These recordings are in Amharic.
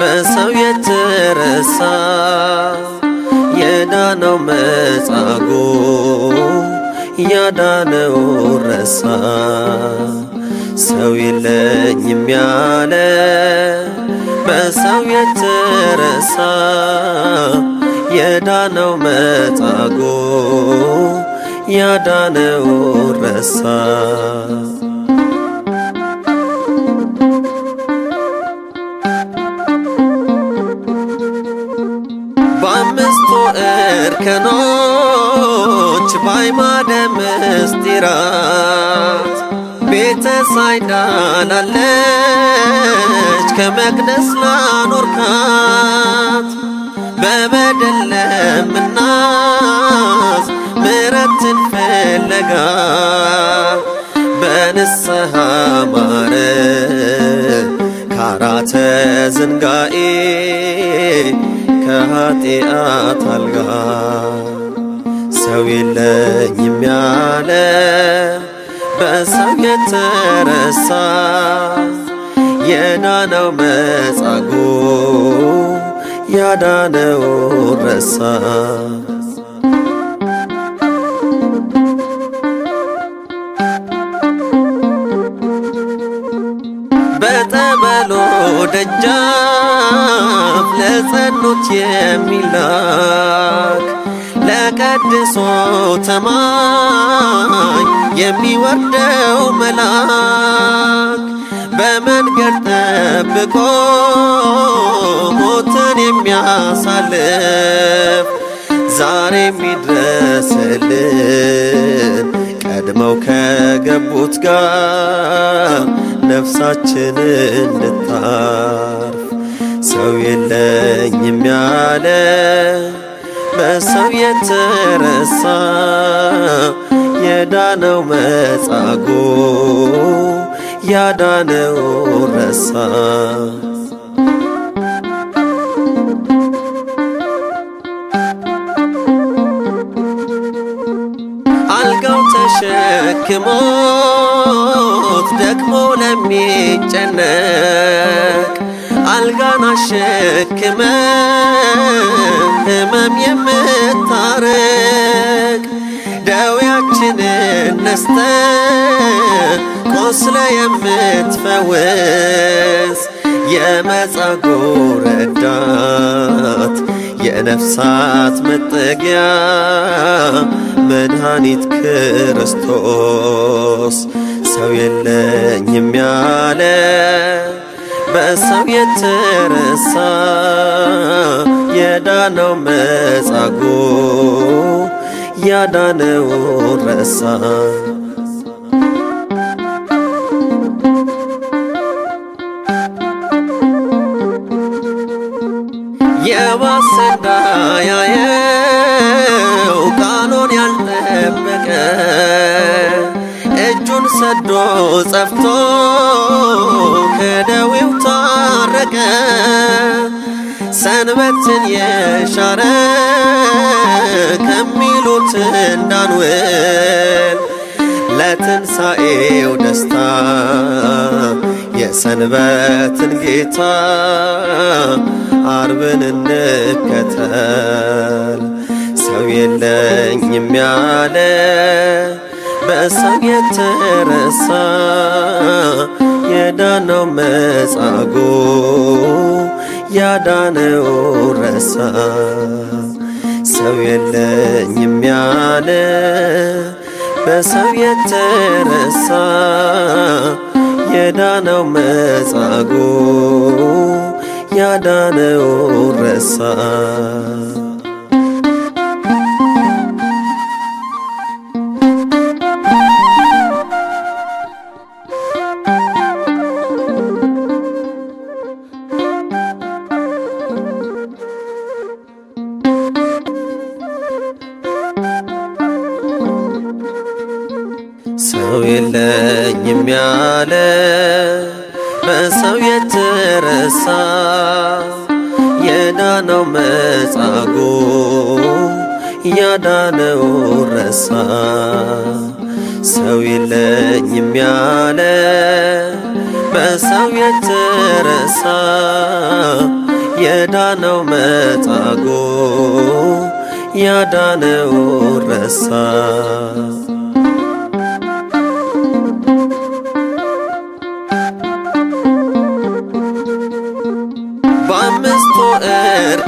በሰው የተረሳ የዳነው መጻጎ ያዳነው ረሳ ሰው የለኝም ያለ በሰው የተረሳ የዳነው መጻጎ ያዳነው ረሳ እርከኖች ባይማደ ምስጢራት ቤተ ሳይዳ ላለች ከመቅደስ ላኖርካት በበደል ለምናዝ ምሕረትን ፍለጋ በንስሐ ማረ አራተ ዝንጋኤ ከኃጢአት አልጋ ሰው የለኝም ያለ በሰው የተረሳ የዳነው መጻጉዕ ያዳነው ረሳ ደጃፍ ለጸኑት የሚላክ ለቀድሶ ተማኝ የሚወርደው መልአክ በመንገድ ጠብቆ ሞትን የሚያሳልፍ ዛሬ የሚድረስልን ቀድመው ከገቡት ጋር ነፍሳችን እንድታርፍ ሰው የለኝም ያለ በሰው የተረሳ የዳነው መጻጎ ያዳነው ረሳ ተሸክሞት ደክሞ ለሚጨነቅ አልጋን አሸክመ ሕመም የምታርቅ ደዌያችንን ነስተ ቆስለ የምትፈውስ የመጻጎ ረዳት የነፍሳት መጠጊያ መድኃኒት ክርስቶስ ሰው የለኝም ያለ በሰው የተረሳ የዳነው መጻጎ ያዳነውን ረሳ ባሰዳ ያየው ቃሉን ያልጠበቀ እጁን ሰዶ ጸፍቶ ከደዌው ታረቀ። ሰንበትን የሻረ ከሚሉት እንዳንውል ለትንሣኤው ደስታ የሰንበትን ጌታ አርብን እንከተል። ሰው የለኝም ያለ በእሳት የተረሳ የዳነው መጻጎ ያዳነው ረሳ። ሰው የለኝም ያለ በሰው የተረሳ የዳነው መጻጎ ያዳነው ረሳ ሰው የለ የሚያለ በሰው የተረሳ የዳነው መጻጎ ያዳነው ረሳ ሰው የለኝ የሚያለ በሰው የተረሳ የዳነው መጻጎ ያዳነው ረሳ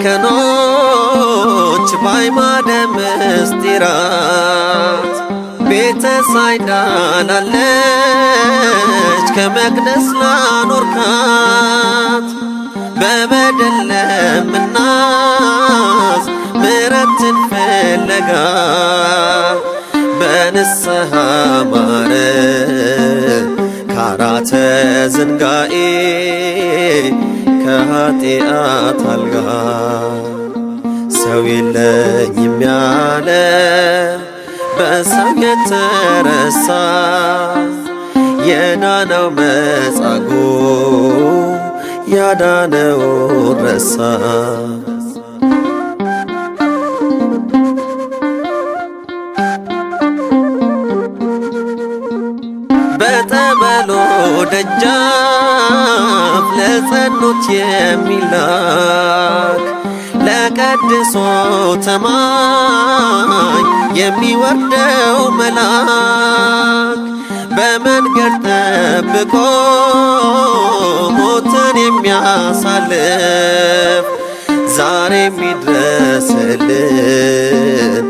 እርከኖች ባይማደ ምስጢራት ቤተ ሳይዳ ከመቅደስ ላኖርካት በበደል ለምናዝ ምሕረትን ፍለጋ በንስሐ ማረ ካራተ ዝንጋኤ ከኃጢአት አልጋ ሰው የለኝም ያለ በሳም የተረሳ የዳነው መጻጉዕ ያዳነው ረሳ በጠበሎ ደጃፍ ለጸኑት የሚላክ ለቀድሶ ተማኝ የሚወርደው መላክ በመንገድ ጠብቆ ሞትን የሚያሳልፍ ዛሬ የሚድረስልን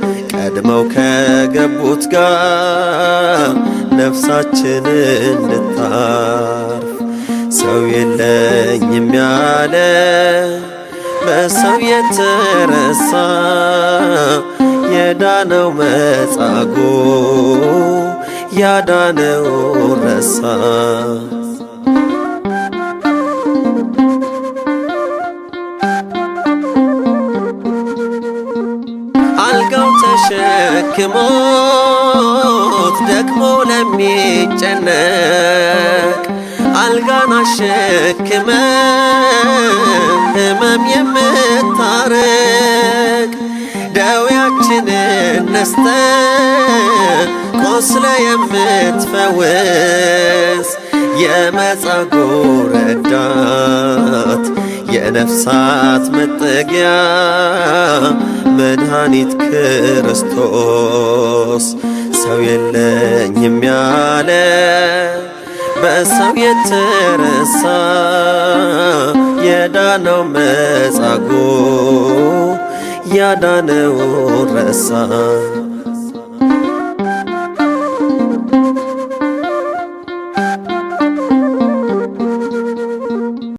ቀድመው ከገቡት ጋር ነፍሳችን እንድታርፍ ሰው የለኝም ያለ በሰው የተረሳ የዳነው መጻጎ ያዳነው ረሳ አልጋን አሸክመ ህመም የምታርቅ ደዌያችንን ነስተ ቆስለ የምትፈውስ የመጻጉዕ ረዳት የነፍሳት መጠጊያ መድኃኒት ክርስቶስ ሰው የለኝም ያለ በሰው የተረሳ የዳነው መጻጉዕ ያዳነውን ረሳ።